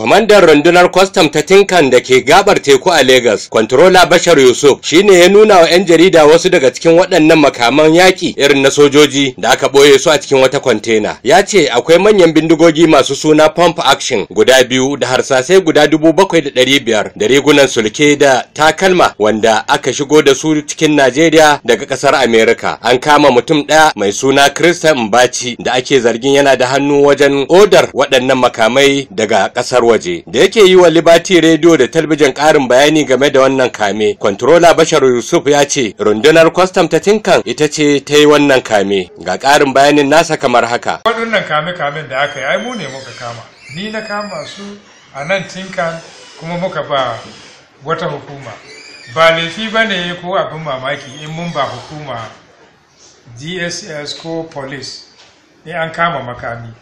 Kwamandan rundunar kwastam ta Tinkan da ke gabar teku a Legas, Kwantarola Bashar Yusuf, shine ya nuna wa 'yan jarida wasu daga cikin waɗannan makaman yaƙi irin na sojoji da aka ɓoye su a cikin wata kwantena. Ya ce akwai manyan bindigogi masu suna pump action guda biyu da harsasai guda dubu bakwai da ɗari biyar da rigunan sulke da takalma wanda aka shigo da su cikin Najeriya daga ƙasar Amerika. An kama mutum ɗaya mai suna Kirista Mbaci da ake zargin yana da hannu wajen odar waɗannan makamai daga ƙasar waje da yake yi wa libati Radio da talbijin ƙarin bayani game da wannan kame. Controller Bashar Yusuf ya ce rundunar kwastam ta Tinkan ita ce ta yi wannan kame. Ga karin bayanin nasa kamar haka. Waɗannan kame-kamen da aka yi ai mu ne muka kama. Ni na kama su a nan Tinkan kuma muka ba wata hukuma. Ba laifi ba ne ko abin mamaki in mun ba hukuma DSS ko police in an kama makami.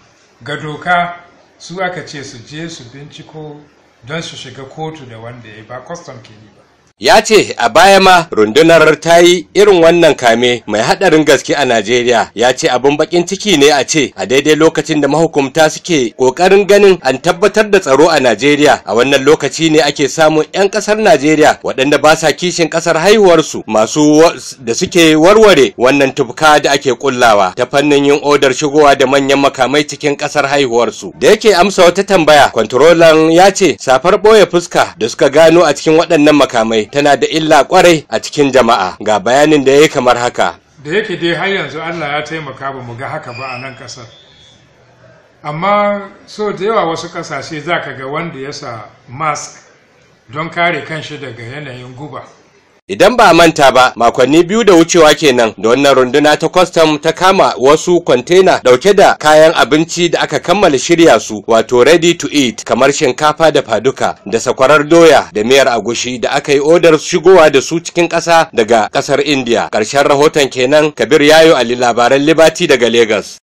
Ga doka su aka ce su je su binciko don su shiga kotu da wanda ya yi, ba kwastam ke ba ya ce a baya ma rundunar ta yi irin wannan kame mai haɗarin gaske a najeriya ya ce abin bakin ciki ne a ce a daidai lokacin da mahukumta suke ƙoƙarin ganin an tabbatar da tsaro a najeriya a wannan lokaci ne ake samun 'yan ƙasar najeriya waɗanda ba sa kishin ƙasar haihuwarsu masu da suke warware wannan tufka da ake kullawa ta fannin yin odar shigowa da manyan makamai cikin ƙasar haihuwarsu da yake amsa wata tambaya kwantarolan ya ce safar ɓoye fuska da suka gano a cikin waɗannan makamai tana da illa kwarai a cikin jama'a ga bayanin da ya yi kamar haka da yake dai har yanzu allah ya taimaka ba mu ga haka ba a nan kasar amma so da yawa wasu kasashe za ka ga wanda ya sa mask don kare kanshi daga yanayin guba Idan ba manta ba, makonni biyu da wucewa kenan da wannan runduna ta kwastam ta kama wasu kwantena dauke da kayan abinci da aka kammala shirya su wato ready to eat kamar shinkafa da faduka da sakwarar doya da miyar agushi da aka yi odar shigowa da su cikin ƙasa daga ƙasar India. Ƙarshen rahoton kenan Kabir Yayo Ali labaran Liberty daga Legas.